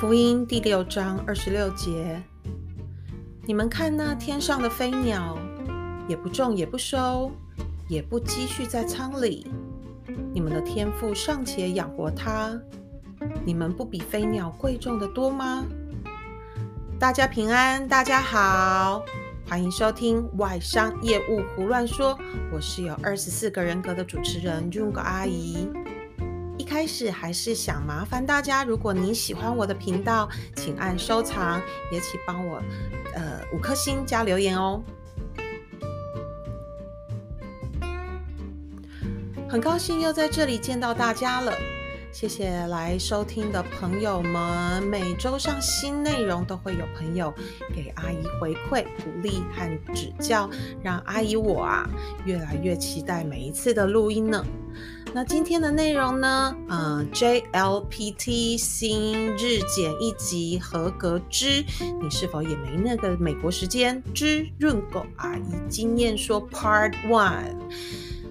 福音第六章二十六節：你們看那天上的飛鳥，也不種也不收，也不積蓄在倉裡，你們的天父尚且養活它，你們不比飛鳥貴重得多嗎？大家平安，大家好，歡迎收聽外商業務胡亂說，我是有二十四個人格的主持人潤口阿姨。開始還是想麻煩大家，如果你喜歡我的頻道，請按收藏，也請幫我呃五顆星加留言哦。很高興又在這裡見到大家了，謝謝來收聽的朋友們。每周上新內容都會有朋友給阿姨回饋鼓勵和指教，讓阿姨我啊越來越期待每一次的錄音呢。那今天的內容呢，嗯、呃、JLPT 新日檢一級合格之，你是否也沒那個美國時間之潤口阿姨經驗說，Part One，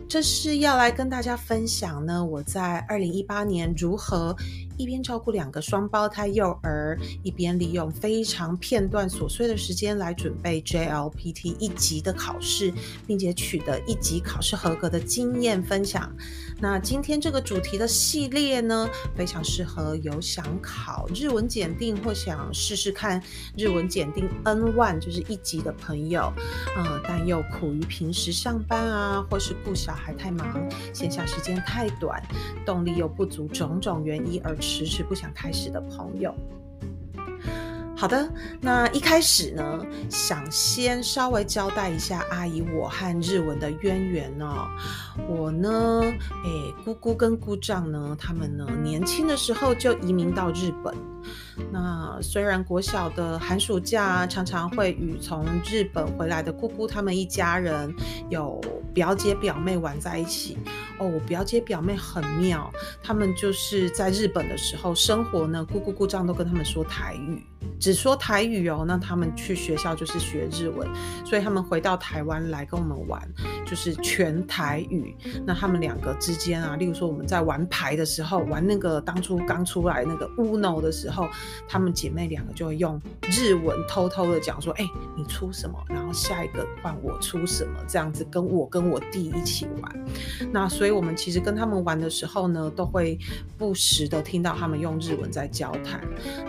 這是要來跟大家分享呢。我在二零一八年如何一邊照顧兩個雙胞胎幼兒，一邊利用非常片段瑣碎的時間來準備 JLPT 一級的考試，並且取得一級考試合格的經驗分享。那今天這個主題的系列呢，非常適合有想考日文檢定或想試試看日文檢定 N1 就是一級的朋友，嗯，但又苦於平時上班啊，或是顧小孩太忙，閒暇時間太短，動力又不足，種種原因而遲遲不想開始的朋友。好的，那一開始呢，想先稍微交代一下阿姨我和日文的淵源哦。我呢，欸，姑姑跟姑丈呢，他們呢年輕的時候就移民到日本。那雖然國小的寒暑假常常會與從日本回來的姑姑他們一家人，有表姐表妹玩在一起。哦，我表姐表妹很妙，他們就是在日本的時候生活呢，姑姑姑丈都跟他們說台語。只說台語哦，那他們去學校就是學日文，所以他們回到台灣來跟我們玩，就是全台語。那他們兩個之間啊，例如說我們在玩牌的時候，玩那個當初剛出來那個烏 o 的時候，他們姐妹兩個就會用日文偷偷的講說：“哎、欸，你出什麼，然後下一個換我出什麼，這樣子跟我跟我弟一起玩。”那所以我們其實跟他們玩的時候呢，都會不時的聽到他們用日文在交談。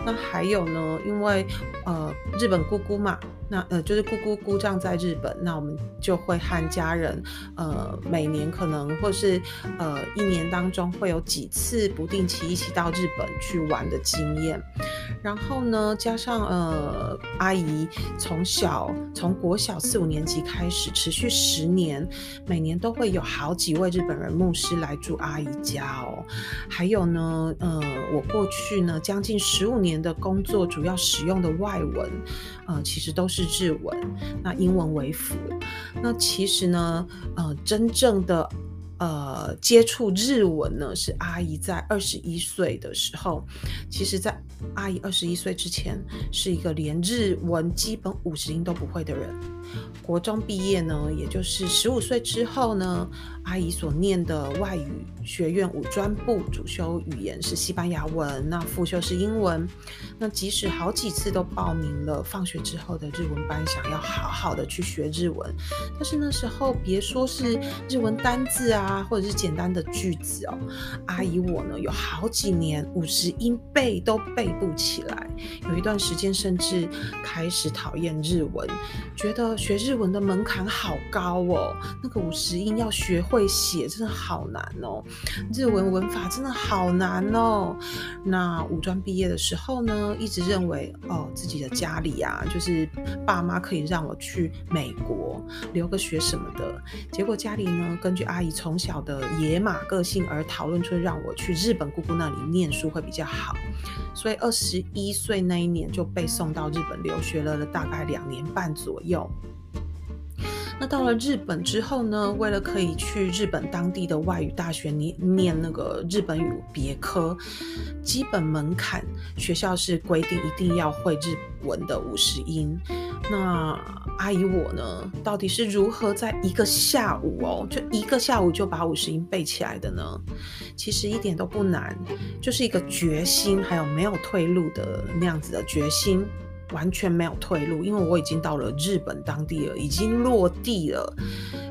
那還有呢？因為，呃，日本姑姑嘛。那呃就是姑姑姑丈在日本，那我們就會和家人，呃每年可能或是呃一年當中會有幾次不定期一起到日本去玩的經驗。然後呢，加上呃阿姨從小從國小四五年級開始，持續十年，每年都會有好幾位日本人牧師來住阿姨家哦。還有呢，呃我過去呢將近十五年的工作主要使用的外文，呃其實都是。是日文，那英文為輔。那其實呢，呃，真正的，呃，接觸日文呢，是阿姨在二十一歲的時候。其實，在阿姨二十一歲之前，是一個連日文基本五十音都不會的人。國中畢業呢，也就是十五歲之後呢，阿姨所念的外語學院五專部主修語言是西班牙文，那副修是英文。那即使好幾次都報名了放學之後的日文班，想要好好的去學日文，但是那時候別說是日文單字啊，或者是簡單的句子哦，阿姨我呢有好幾年五十音背都背不起來，有一段時間甚至開始討厭日文，覺得學日文的門檻好高哦，那個五十音要學會，會寫真的好難哦，日文文法真的好難哦。那五專畢業的時候呢，一直認為哦，自己的家裡啊，就是爸媽可以讓我去美國留個學什麼的。結果家裡呢，根據阿姨從小的野馬個性而討論出讓我去日本姑姑那裡念書會比較好，所以二十一歲那一年就被送到日本留學了，大概兩年半左右。那到了日本之後呢，為了可以去日本當地的外語大學唸唸那個日本語別科，基本門檻學校是規定一定要會日文的五十音。那阿姨我呢，到底是如何在一個下午哦，就一個下午就把五十音背起來的呢？其實一點都不難，就是一個決心，還有沒有退路的那樣子的決心。完全沒有退路，因為我已經到了日本當地了，已經落地了。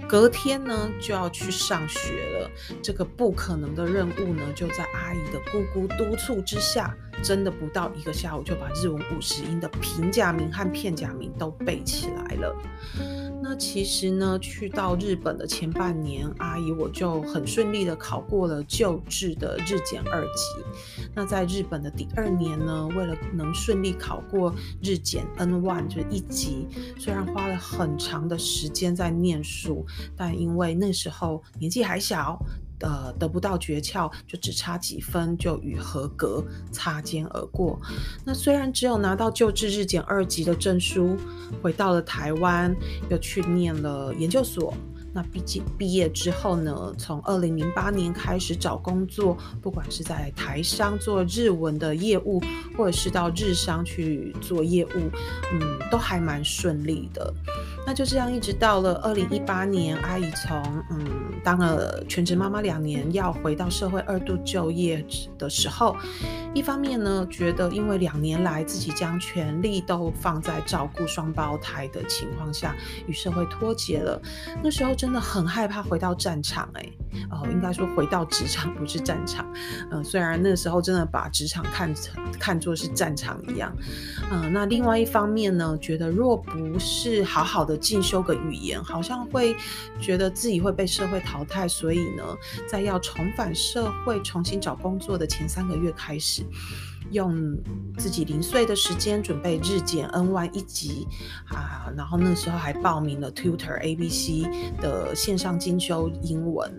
隔天呢，就要去上學了，這個不可能的任務呢，就在阿姨的姑姑督促之下，真的不到一個下午就把日文五十音的平假名和片假名都背起來了。那其實呢，去到日本的前半年，阿姨我就很順利的考過了舊制的日檢二級。那在日本的第二年呢，為了能順利考過日檢 N1，就是一級，雖然花了很長的時間在念書，但因為那時候年紀還小。呃，得不到訣竅，就只差幾分就與合格擦肩而過。那雖然只有拿到舊制日檢二級的證書，回到了台灣，又去念了研究所。那畢竟畢業之後呢，從二零零八年開始找工作，不管是在台商做日文的業務，或者是到日商去做業務，嗯，都還蠻順利的。那就這樣，一直到了二零一八年，阿姨從嗯當了全職媽媽兩年，要回到社會二度就業的時候，一方面呢，覺得因為兩年來自己將全力都放在照顧雙胞胎的情況下，與社會脫節了，那時候真的很害怕回到戰場，欸，哎，哦，應該說回到職場不是戰場，嗯、呃，雖然那時候真的把職場看看作是戰場一樣，嗯、呃，那另外一方面呢，覺得若不是好好的進修個語言，好像會覺得自己會被社會淘汰，所以呢，在要重返社會、重新找工作的前三個月開始。用自己零碎的時間準備日檢 N1 一級啊，然後那時候還報名了 TutorABC 的線上精修英文。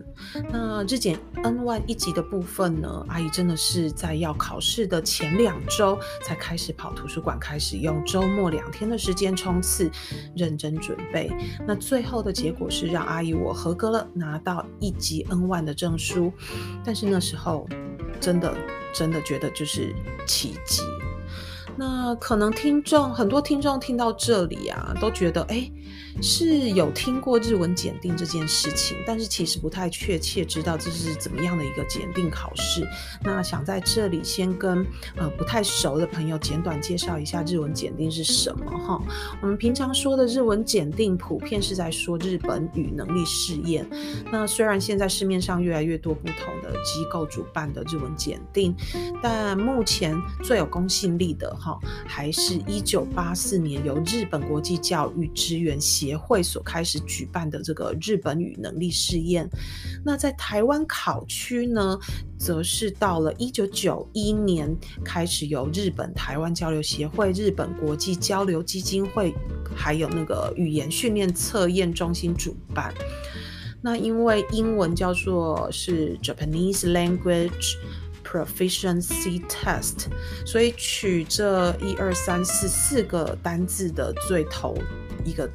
那日檢 N1 一級的部分呢，阿姨真的是在要考試的前兩周才開始跑圖書館，開始用周末兩天的時間衝刺，認真準備。那最後的結果是讓阿姨我合格了，拿到一級 N1 的證書。但是那時候。真的，真的覺得就是奇蹟。那可能聽眾很多，聽眾聽到這裡啊，都覺得誒、欸是有聽過日文檢定這件事情，但是其實不太確切知道這是怎麼樣的一個檢定考試。那想在這裡先跟呃不太熟的朋友簡短介紹一下日文檢定是什麼哈。我們平常說的日文檢定，普遍是在說日本語能力試驗。那雖然現在市面上越來越多不同的機構主辦的日文檢定，但目前最有公信力的哈，還是一九八四年由日本國際教育支援。協會所開始舉辦的這個日本語能力試驗，那在台灣考區呢，則是到了一九九一年開始由日本台灣交流協會、日本國際交流基金會，還有那個語言訓練測驗中心主辦。那因為英文叫做是 Japanese Language Proficiency Test，所以取這一二三四四個單字的最頭一個。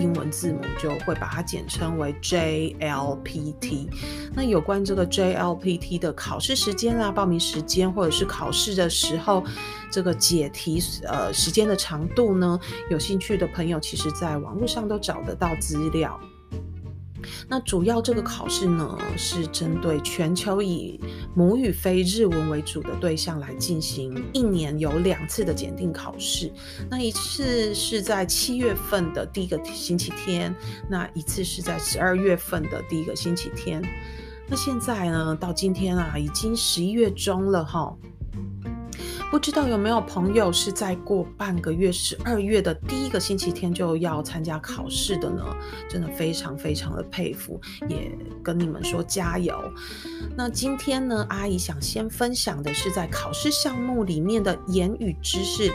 英文字母就會把它簡稱為 JLPT。那有關這個 JLPT 的考試時間啦、報名時間，或者是考試的時候這個解題呃時間的長度呢，有興趣的朋友，其實在網絡上都找得到資料。那主要這個考試呢，是針對全球以母語非日文為主的對象來進行，一年有兩次的檢定考試。那一次是在七月份的第一個星期天，那一次是在十二月份的第一個星期天。那現在呢，到今天啊，已經十一月中了哈。不知道有沒有朋友是在過半個月，十二月的第一個星期天就要參加考試的呢？真的非常非常的佩服，也跟你們說加油。那今天呢，阿姨想先分享的是在考試項目裡面的言語知識裡，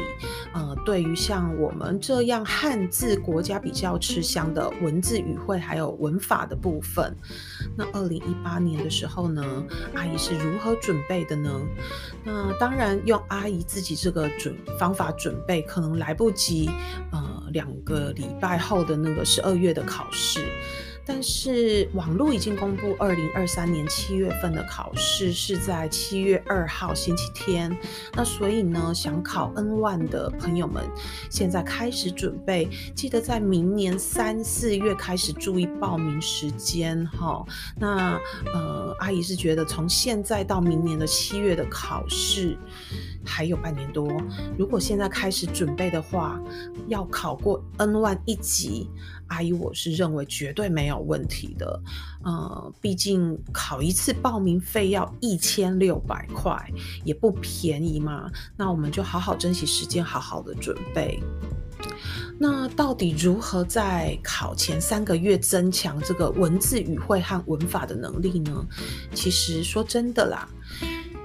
呃，對於像我們這樣漢字國家比較吃香的文字語彙還有文法的部分。那二零一八年的時候呢，阿姨是如何準備的呢？那當然用阿姨自己這個準方法準備，可能來不及。呃，兩個禮拜後的那個十二月的考試。但是網路已經公布，二零二三年七月份的考試是在七月二號星期天。那所以呢，想考 N1 的朋友們，現在開始準備，記得在明年三四月開始注意報名時間哈。那呃，阿姨是覺得從現在到明年的七月的考試。還有半年多，如果現在開始準備的話，要考過 N1 一級，阿姨我是認為絕對沒有問題的。呃，畢竟考一次報名費要一千六百塊，也不便宜嘛。那我們就好好珍惜時間，好好的準備。那到底如何在考前三個月增強這個文字語彙和文法的能力呢？其實說真的啦。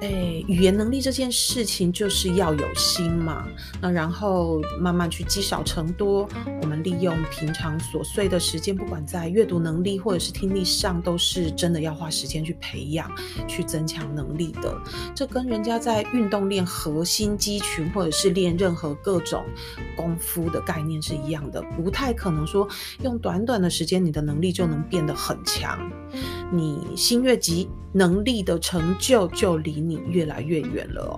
哎，語言能力這件事情就是要有心嘛，那然後慢慢去積少成多。我們利用平常瑣碎的時間，不管在閱讀能力或者是聽力上，都是真的要花時間去培養、去增強能力的。這跟人家在運動練核心肌群，或者是練任何各種功夫的概念是一樣的，不太可能說用短短的時間，你的能力就能變得很強。你心越急，能力的成就就離。越來越遠了哦，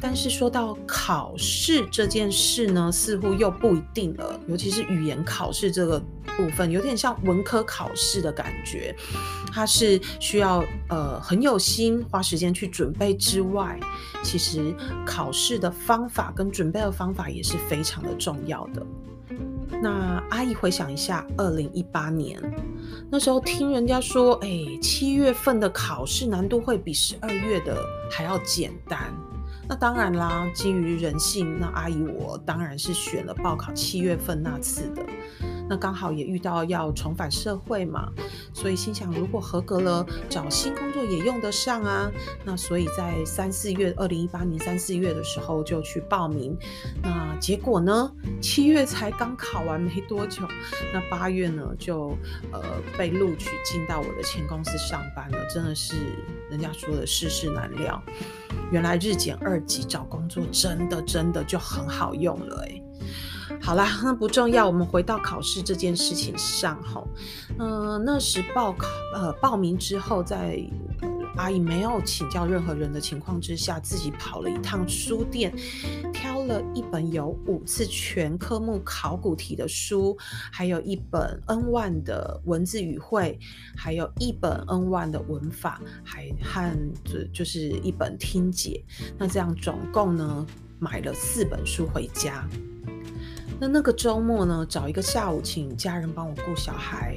但是說到考試這件事呢，似乎又不一定了。尤其是語言考試這個部分，有點像文科考試的感覺，它是需要呃很有心花時間去準備之外，其實考試的方法跟準備的方法也是非常的重要的。的那阿姨回想一下，二零一八年。那時候聽人家說，哎、欸，七月份的考試難度會比十二月的還要簡單。那當然啦，基於人性，那阿姨我當然是選了報考七月份那次的。那剛好也遇到要重返社會嘛，所以心想如果合格了，找新工作也用得上啊。那所以在三四月，二零一八年三四月的時候就去報名。那結果呢，七月才剛考完沒多久，那八月呢就呃被錄取進到我的前公司上班了。真的是人家說的世事難料，原來日檢二級找工作真的真的就很好用了誒、欸。好啦，那不重要。我們回到考試這件事情上哈。嗯、呃，那時報考呃報名之後，在阿姨沒有請教任何人的情況之下，自己跑了一趟書店，挑了一本有五次全科目考古題的書，還有一本 N One 的文字語彙，還有一本 N One 的文法，還和就是一本聽解。那這樣總共呢買了四本書回家。那那個周末呢，找一個下午，請家人幫我顧小孩，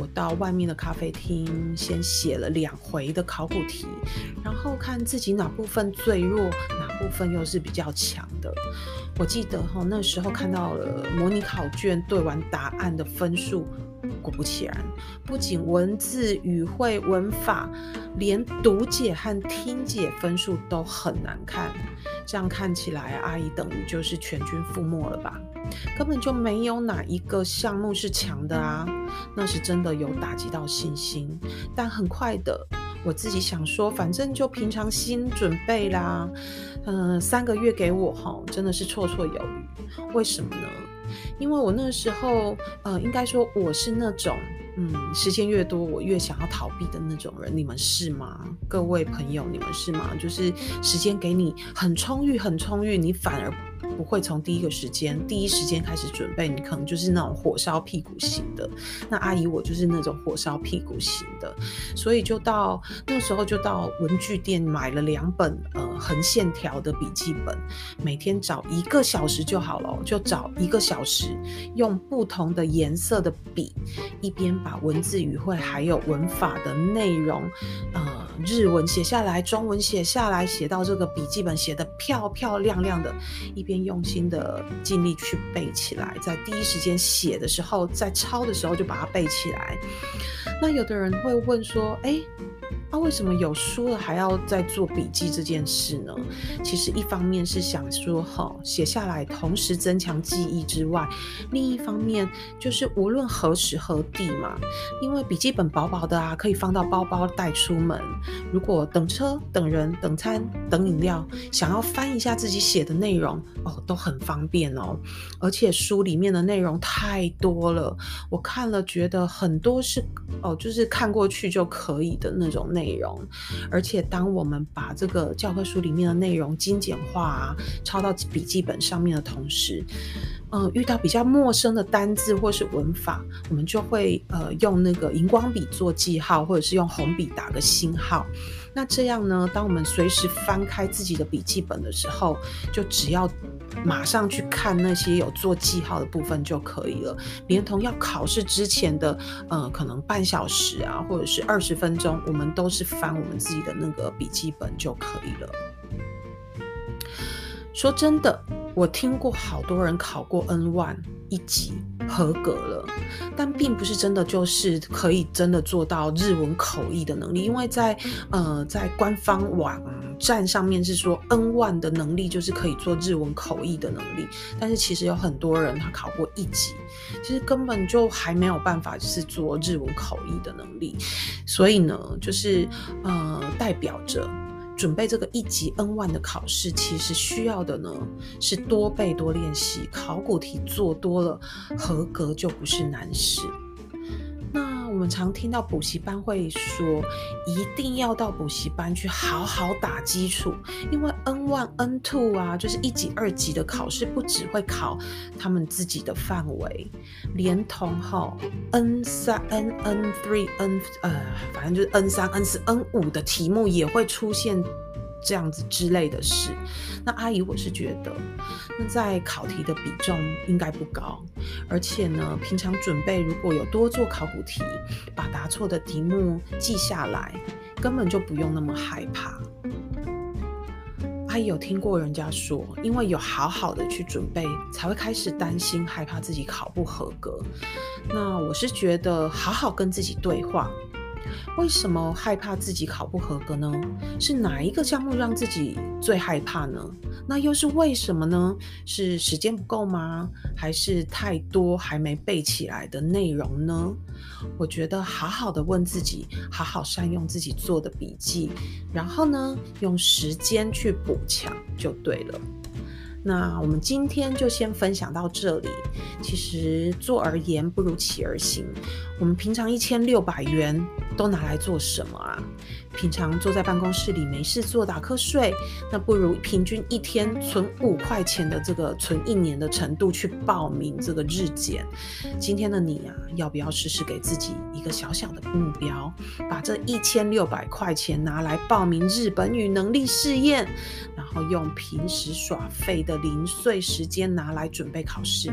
我到外面的咖啡廳先寫了兩回的考古題，然後看自己哪部分最弱，哪部分又是比較強的。我記得吼，那時候看到了模擬考卷，對完答案的分數。果不其然，不僅文字、語彙、文法，連讀解和聽解分數都很難看。這樣看起來，阿姨等於就是全軍覆沒了吧？根本就沒有哪一個項目是強的啊！那是真的有打擊到信心。但很快的，我自己想說，反正就平常心準備啦。嗯、呃，三個月給我吼，真的是綽綽有餘。為什麼呢？因為我那時候，呃，應該說我是那種，嗯，時間越多，我越想要逃避的那種人。你們是嗎？各位朋友，你們是嗎？就是時間給你很充裕，很充裕，你反而。不會從第一個時間、第一時間開始準備，你可能就是那種火燒屁股型的。那阿姨我就是那種火燒屁股型的，所以就到那時候就到文具店買了兩本呃橫線條的筆記本，每天找一個小時就好了，就找一個小時，用不同的顏色的筆，一邊把文字語彙還有文法的內容，呃。日文寫下來，中文寫下來，寫到這個筆記本寫得漂漂亮亮的，一邊用心的盡力去背起來，在第一時間寫的時候，在抄的時候就把它背起來。那有的人會問說，誒、欸……那、啊、為什麼有書了還要再做筆記這件事呢？其實一方面是想說，哈、哦，寫下來同時增強記憶之外，另一方面就是無論何時何地嘛，因為筆記本薄薄的啊，可以放到包包帶出門。如果等車、等人、等餐、等飲料，想要翻一下自己寫的內容，哦，都很方便哦。而且書裡面的內容太多了，我看了覺得很多是，哦，就是看過去就可以的那種。內容，而且當我們把這個教科書裡面的內容精簡化、啊，抄到筆記本上面的同時，嗯、呃，遇到比較陌生的單字或是文法，我們就會呃用那個熒光筆做記號，或者是用紅筆打個星號。那這樣呢，當我們隨時翻開自己的筆記本的時候，就只要。馬上去看那些有做記號的部分就可以了，連同要考試之前的，呃，可能半小時啊，或者是二十分鐘，我們都是翻我們自己的那個筆記本就可以了。說真的，我聽過好多人考過 N1 一級合格了，但並不是真的就是可以真的做到日文口譯的能力，因為在呃，在官方網。站上面是說 N1 的能力就是可以做日文口譯的能力，但是其實有很多人他考過一級，其實根本就還沒有辦法就是做日文口譯的能力，所以呢，就是呃代表着準備這個一級 N1 的考試，其實需要的呢是多背多練習，考古題做多了，合格就不是難事。我們常聽到補習班會說，一定要到補習班去好好打基礎，因為 N one、N two 啊，就是一級、二級的考試不只會考他們自己的範圍，連同吼 N 三、N 3, N three、N 呃，反正就是 N 三、N 四、N 五的題目也會出現。這樣子之類的事，那阿姨我是覺得，那在考題的比重應該不高，而且呢，平常準備如果有多做考古題，把答錯的題目記下來，根本就不用那麼害怕。阿姨有聽過人家說，因為有好好的去準備，才會開始擔心害怕自己考不合格。那我是覺得，好好跟自己對話。為什麼害怕自己考不合格呢？是哪一個項目讓自己最害怕呢？那又是為什麼呢？是時間不夠嗎？還是太多還沒背起來的內容呢？我覺得好好的問自己，好好善用自己做的筆記，然後呢，用時間去補強就對了。那我們今天就先分享到這裡。其實坐而言不如起而行，我們平常一千六百元，都拿來做什麼啊？平常坐在辦公室裡沒事做打瞌睡，那不如平均一天存五塊錢的這個存一年的程度去報名這個日檢。今天的你啊，要不要試試給自己一個小小的目標，把這一千六百塊錢拿來報名日本語能力試驗，然後用平時耍廢的零碎時間拿來準備考試？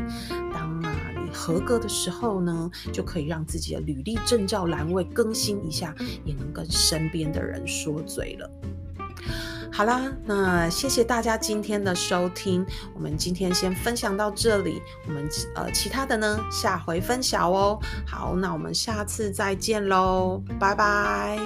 合格的時候呢，就可以讓自己的履歷、證照欄位更新一下，也能跟身邊的人說嘴了。好啦，那謝謝大家今天的收聽，我們今天先分享到這裡，我們其呃其他的呢下回分享哦。好，那我們下次再見嘍，拜拜。